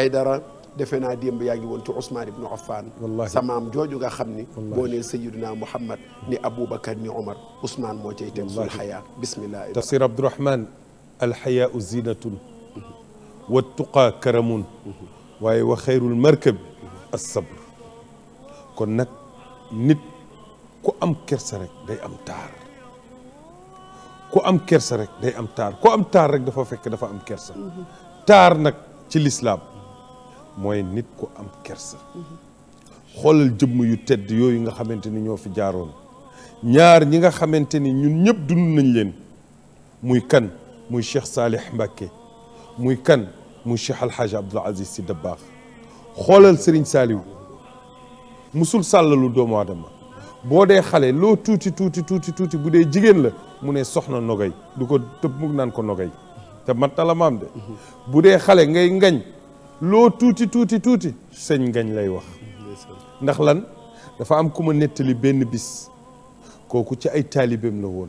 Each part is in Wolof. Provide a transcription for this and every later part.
أيدرا دفنا ديم بياجي وانت عثمان بن عفان والله سمام جوجو غا خمني بوني سيدنا محمد ني ابو بكر ني عمر عثمان مو جاي الحياة بسم الله تفسير عبد الرحمن الحياء زينة والتقى كرم وخير المركب الصبر كون نك نيت كو ام كيرس رك داي ام تار كو ام كيرس رك داي ام تار كو ام تار رك دا فا فك دا فا ام كيرس تار نك تي الاسلام mooy nit ku am kersa xoolal jëmm yu tedd yooyu nga xamante ni ñoo fi jaaroon ñaar ñi nga xamante ni ñun ñëpp dund nañ leen muy kan muy Cheikh Salih Mbacké muy kan muy Cheikh Alhaji Abdoul Aziz Sy Dabakh xoolal Serigne Saliou musul sàllalu doomu aadama boo dee xale loo tuuti tuuti tuuti tuuti bu dee jigéen la mu ne soxna nogay du ko tëb mug naan ko nogay te mat na la de bu dee xale ngay ngañ loo tuuti tuuti tuuti sëñ ngañ lay wax ndax lan dafa am ku ma nettali benn bis kooku ci ay taalibeem la woon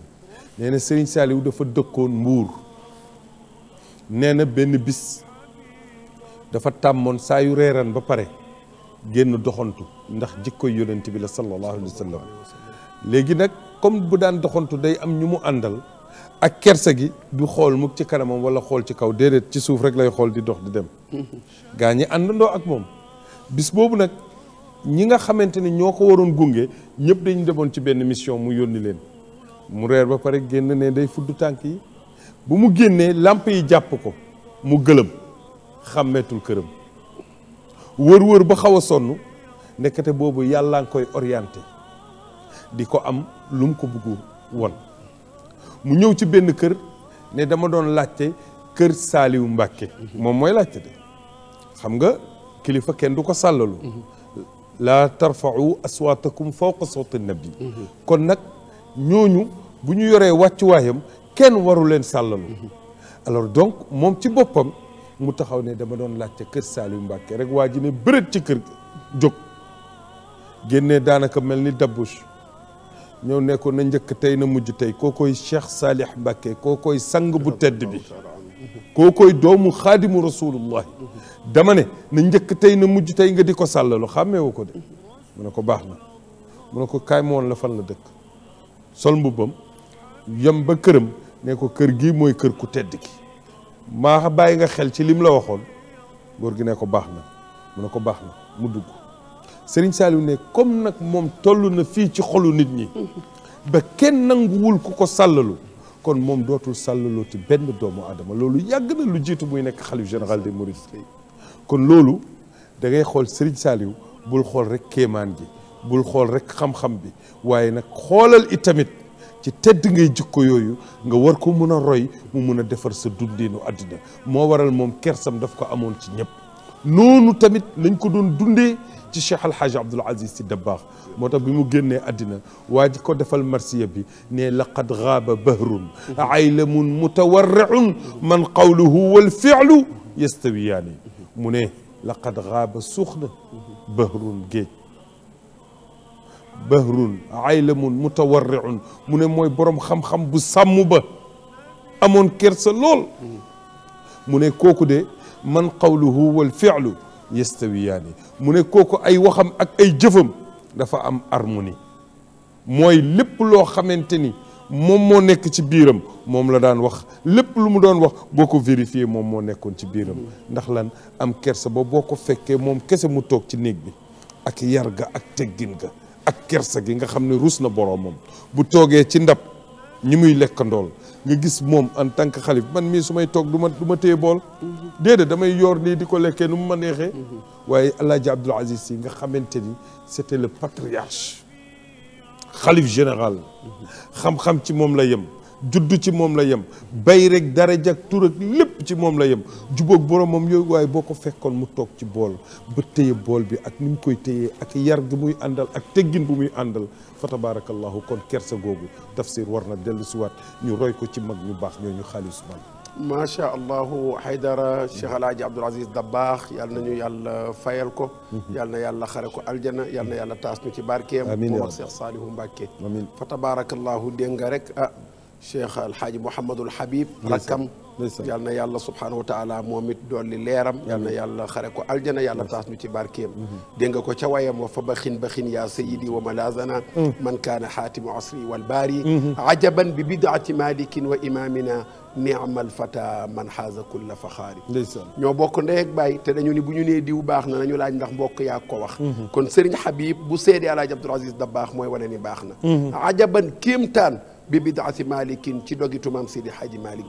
nee na sëriñ Saaliw dafa dëkkoon mbuur nee na benn bis dafa tàmmoon saa yu reeran ba pare génn doxantu ndax jikkoy yonent bi la sallallahu alayhi wa sallam léegi nag comme bu daan doxantu day am ñu mu àndal ak kersa gi du xool mukk ci kanamam wala xool ci kaw déedéet ci suuf rek lay xool di dox di dem gaa ñi àndandoo ak moom bis boobu nag ñi nga xamante ne ñoo ko waroon gunge ñëpp dañu demoon ci benn mission mu yónni leen mu reer ba pare génn ne day fudd tànk yi bu mu génnee làmp yi jàpp ko mu gëlëm xàmmeetul këram wër wër ba xaw a sonn nekkate boobu yàllaa ngi koy orienté di ko am lu mu ko bëggu won mu ñëw ci benn kër ne dama doon laajte kër Saaliwu Mbàkke moom mooy laajte de xam nga kilifa kenn du ko sàllalu laa tarfau aswaatakum fawqa sawti nabi kon nag ñooñu bu ñu yoree wàccuwaayam kenn waru leen sàllalu alors donc moom ci boppam mu taxaw ne dama doon laajte kër Saaliwu Mbàkke rek waa ji ne bërët ci kër jóg génnee daanaka mel ni dabbush ñëw ne ko na njëkk tey na mujj tey koo koy Cheikh Salih Mbacké koy sang bu tedd bi kookoy koy doomu xaadimu rasulullah dama ne na njëkk tey na mujj tey nga di ko sàllalu xàmmeewu ko de mu ne ko baax na mu ne ko kaay la fan la dëkk sol mbubbam yem këram ne ko kër gi mooy kër ku tedd ki maa bàyyi nga xel ci lim la waxoon góor gi ne ko baax na mu ne ko baax na mu dugg Serigne Saliou ne comme nag moom toll na fii ci xolu nit ñi ba kenn nanguwul ku ko sàllalu kon moom dootul sàllalooti benn doomu aadama loolu yàgg na lu jiitu muy nekk xalif général des mourides kon loolu da ngay xool Serigne Saliou bul xool rek kéemaan gi bul xool rek xam-xam bi waaye nag xoolal tamit ci tedd ngay jikko yooyu nga war ko mun a roy mu mun a defar sa dundeenu àddina moo waral moom ker kersam daf ko amoon ci ñëpp noonu tamit lañ ko ci Cheikh Al Hadj Abdoul Aziz ci Dabakh motax bimu genné adina waji ko defal marsiya bi ne laqad ghaba bahrun aylamun mutawarrun man qawluhu wal fi'lu yastawiyani muné laqad ghaba sukhna bahrun ge bahrun aylamun mutawarrun muné moy borom xam-xam bu sàmm ba amone kersa lol muné koku de man qawluhu wal fi'lu yastawiyaani mu ne kooku ay waxam ak ay jëfam dafa am harmonie mooy lépp loo xamante ni moom moo nekk ci biiram moom la daan wax lépp lu mu doon wax boo ko vérifié moom moo nekkoon ci biiram ndax lan am kerse ba boo ko fekkee moom kese mu toog ci néeg bi ak yar ga ak teggin ga ak kersa gi nga xam ne ruus na boroomam bu toogee ci ndab ñi muy lekkandool nga gis mom en tant que xalif man mi sumay tok duma duma ma du ma téye bool déedéet damay yor ni diko lekke num nu mu ma neexee waaye alaaji Abdoul Aziz Sy nga xamanteni c'était le patriarche xalif général xam-xam ci mom la yem juddu ci moom la yem bay rek darajak tur lépp ci moom la yem jubóog boromam yooyu waaye boo ko fekkoon mu toog ci bool ba téye bool bi ak ni koy téyee ak yar gi muy àndal ak teggin bu muy àndal fa tabaarakallahu kon kersa googu tafsir war na dellu siwaat ñu roy ko ci mag ñu baax ñooñu xaalis man macha allahu haydara cheikh alaaji da baax dabbaax yàlla nañu yàlla fayal ko mhm. yàlla na xare ko aljana yàlla na yàlla taas ñu ci barkeem amiin wax cheikh saalihu mbàkke cheikh alhaaji mouhamadul habib rakkam yal na yàlla subhaanahu wa taala moom it dolli leeram yal na yàlla xare ko aljana yàlla taas nu ci barkeem dégg nga ko ca wayam wa fa baxin baxin ya sayidi wa malazana man kaana xaatimu asri wal baari ajaban bi bidaati malikin wa imamina niamal fata man xaaza kulla faxaari ñoo bokk ndey ak baay te dañu ni bu ñu nee diw baax na nañu laaj ndax mbokk yaa ko wax kon Serigne Habib bu seede Alaaji Abdoul Aziz Dabakh mooy wane ni baax na ajaban kéemtaan ببدعه مالك تي دوغي تومام سيدي حاج مالك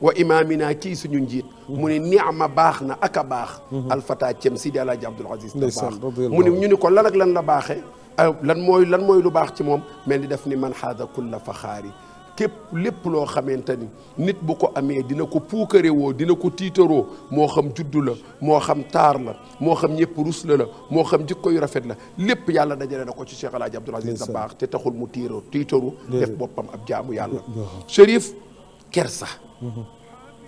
وامامنا كي سونو نجيت من نعمه باخنا اكا باخ الفتا تيم سيدي الحاج عبد العزيز من ني نكو لان لان لا باخه لان موي باخ تي موم ملي من هذا كل فخاري képp lépp loo xamante ni nit bu ko amee dina ko puukarewoo dina ko tiitaroo moo xam juddu la moo xam taar la moo xam ñëpp rus la la moo xam jikko yu rafet la lépp yàlla dajalee na ko ci Cheikh El Hadj Abdoul Aziz Dabakh te taxul mu tiiroo tiitaru boppam ab jaamu yàlla Chérif sax mm-hmm.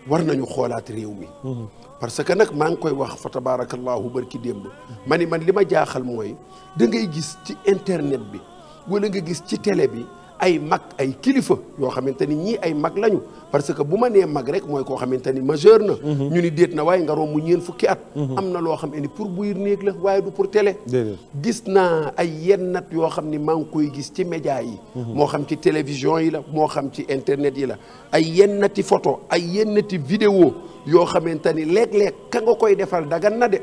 war nañu xoolaat réew mi mm-hmm. parce que nag maa ngi koy wax fa tabarakallahu barki démb ma ni man li ma jaaxal mooy da ngay gis ci internet bi wala nga gis ci tele bi ay mag ay kilifa yoo xamante ni ñii ay mag lañu parce que bu ma nee mag rek mooy koo xamante ni majeur na. Mhm. ñu ni déet na waaye nga mu ñeen fukki at. Mhm. am na loo xam ne pour buy néeg la waaye du pour télé. gis naa ay yennat yoo xam ni maa ngi koy gis ci média yi. Mhm. moo xam ci télévision yi la moo xam ci internet yi la ay yennati photo ay yennati vidéo yoo xamante ni léeg-léeg nga koy defal dagan na de.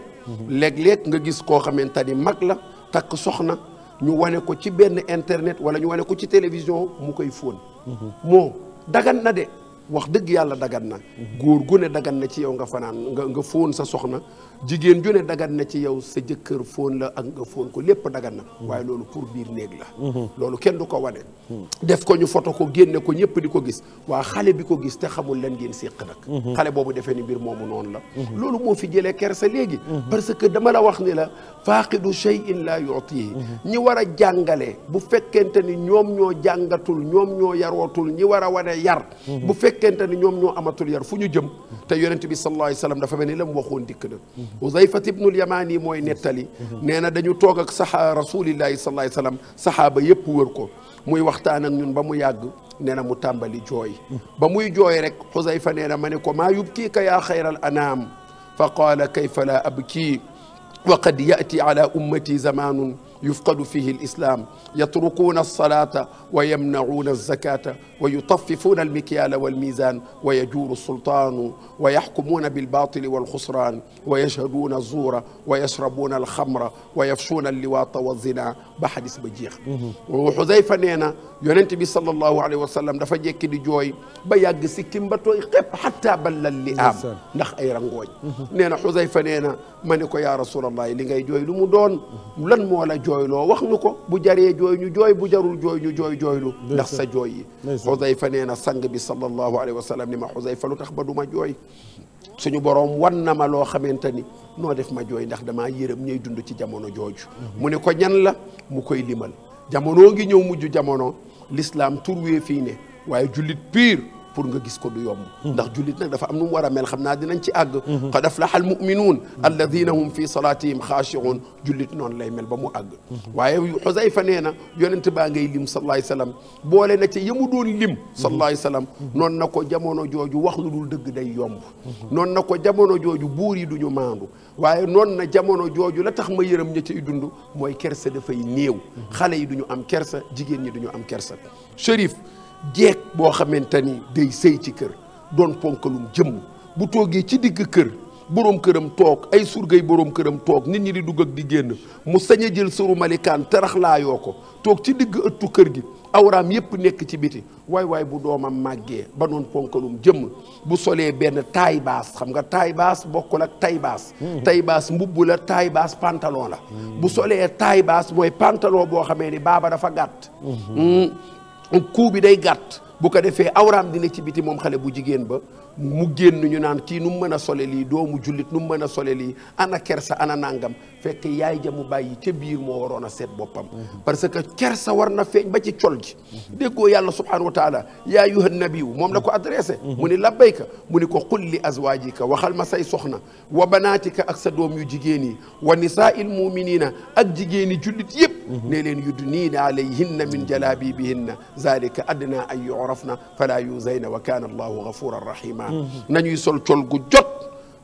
léeg-léeg nga gis koo xamante ni mag la takk soxna. ñu wane ko ci benn internet wala ñu wane ko ci télévision mu koy fóon mhm. moo dagan na de wax dëgg yàlla dagan na góor gu ne dagan na ci yow nga fanaan nga nga fóon sa soxna jigéen ju ne dagan na ci yow sa jëkkër foon la ak nga foon ko lépp dagan na waaye loolu pour biir néeg la mm-hmm. loolu kenn du ko wane mm-hmm. def ko ñu foto ko génne ko ñëpp di ko gis waa xale bi ko gis te xamul lan ngeen séq nag mm-hmm. xale boobu defee ni mbir moomu noonu la loolu moo fi jëlee kersa léegi parce que dama la wax ni la faaqidu shay'in la yi ñi war a jàngale bu fekkente ni ñoom ñoo jàngatul ñoom ñoo yarootul ñi war a wane yar fekkente ni ñoom ñoo amatul yar fuñu jëm te yaronte bi sallallahu alayhi wasallam dafa melni lam la mu waxoon dikk na Uzayfat ibnul Yamaani mooy nettali nee na dañu tok ak sahaba rasulillahi sallallahu alayhi wasallam sahaba yep wër ko muy waxtaan ak ñun ba mu yàgg neena mu tàmbali joy ba muy joy rek Xuzayfa nee na ma yubki ka ya yubkiika yaa xayral anaam fa qaala kayfa laa abkii wa qad yaati ala ummati يفقد فيه الإسلام يتركون الصلاة ويمنعون الزكاة ويطففون المكيال والميزان ويجور السلطان ويحكمون بالباطل والخسران ويشهدون الزور ويشربون الخمر ويفشون اللواط والزنا بحديث بجيخ وحذيفة نينا يونتبي صلى الله عليه وسلم dafa دي جوي بياق سكين بطو يقب حتى tooy اللئام نخ أي li نينا ndax نينا rangooñ يا رسول الله لنجي جوي لمدون لن مولا جوي jooyloo wax ñu ko bu jaree jooy ñu jooy bu jarul jooy ñu jooy jooylu ndax sa jooy yi xusayfa nee na sang bi sallallahu alayhi wa sallam ni ma xusayfa lu tax ba du ma jooy suñu boroom wan na ma loo xamante ni noo def ma jooy ndax damaa yërëm ñuy dund ci jamono jooju mu ne ko ñan la mu koy limal jamono ngi ñëw mujj jamono l'islam turwee fii ne waaye jullit pire pour nga gis ko du yomb ndax julit nak dafa am nu wara mel xamna dinañ ci ag qad aflaha mu'minun alladhina hum fi salatihim khashi'un julit non lay mel ba mu ag waye huzaifa neena yonent ba ngay lim sallallahu alayhi wasallam bolé na ci yamu don lim sallallahu alayhi wasallam non nako jamono joju wax lu dul deug day yomb non nako jamono joju buri duñu mandu waye non na jamono joju la tax ma yërëm ña ci dundu moy kersa fay néew xale yi duñu am kersa jigen ñi duñu am kersa Chérif jeeg boo xamante ni day sëy ci kër doon ponkalum jëmm bu toogee ci digg kër boroom këram toog ay surgay boroom këram toog nit ñi di dugg ak di génn mu sañ a jël sëru malikaan taraxlaayoo ko toog ci digg ëttu kër gi awraam yépp nekk ci biti waay waay bu doomam màggee ba noon ponkalum jëmm bu solee benn taay baas xam nga taay baas bokkul ak tay baas hmm. tay baas mbubb la taay baas pantalon la hmm. bu solee taay baas mooy pantalon boo xamee ni baaba dafa gàtt hmm. coup bi day gàtt bu ko defee awraam dina ci biti moom xale bu jigéen ba mu génn ñu naan kii nu mu mën a sole lii doomu jullit nu mu mën a sole lii ana kersa ana nangam fekk yaay ja mu bàyyi ca biir moo waroon a seet boppam parce que kersa war na feeñ ba ci col ji déggoo yàlla subhanahu wa taala yaa yuha nabiyu moom la ko adressé mu ni labbayka mu ni ko qul li azwaajika waxal ma say soxna wa banaatika ak sa doom yu jigéen yi wa nisaa il muminina ak jigéeni jullit yëpp نين يدنين عليهن من جلابي بهن ذلك أدنى أن يعرفن فلا يوزين وكان الله غفورا رحيما نين يسول تول جوت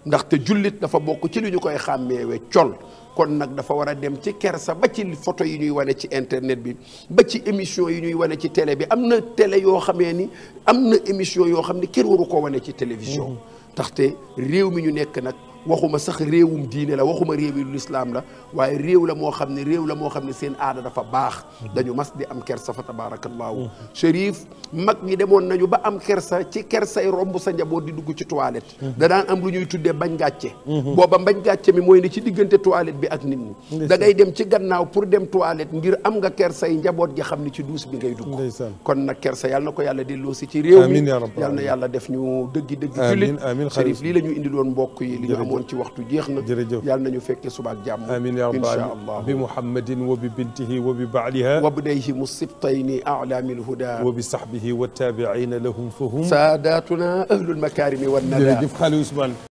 نخت جلت دفا بوكو تي نيو كوي خامي وي تول كون نك دفا ورا ديم تي كيرسا با تي فوتو يي نيو واني تي انترنت بي با تي ايميشن يي نيو واني تي تيلي بي امنا تيلي يو خامي ني امنا ايميشن يو خامي كيرورو كو واني تي تيليفزيون تختي ريو مي ني نيك نك waxuma sax réewum diine la waxuma réewi lislaam la waaye réew la moo xam ne réew la moo xam ne seen aada dafa baax dañu mas di am kersa fa tabaarakallaahu mm. Chérif mag ñi demoon nañu ba am kersa ci kersay romb sa njaboot di dugg ci toilette mm. da daan am lu tuddee bañ gàcce mm-hmm. booba bañ gàcce mi mooy ne ci diggante toilette bi ak nit ñi da ngay dem ci gannaaw pour dem toilette ngir am nga kersay njaboot gi xam ne ci duus bi ngay dugg kon nag kersa yàlla na ko yàlla delloo si ci réew mi yàlla na yàlla def ñu dëggi dëgg jullit Chérif lii la ñu indiloon mbokk yi li ñu am امون تي وقتو جيخنا يال نانيو فكي سوباك جام امين يا رب بمحمد وببنته وببعلها وبديه مصبتين اعلى من الهدى وبصحبه والتابعين لهم فهم ساداتنا اهل المكارم والندى جيرجف خالي عثمان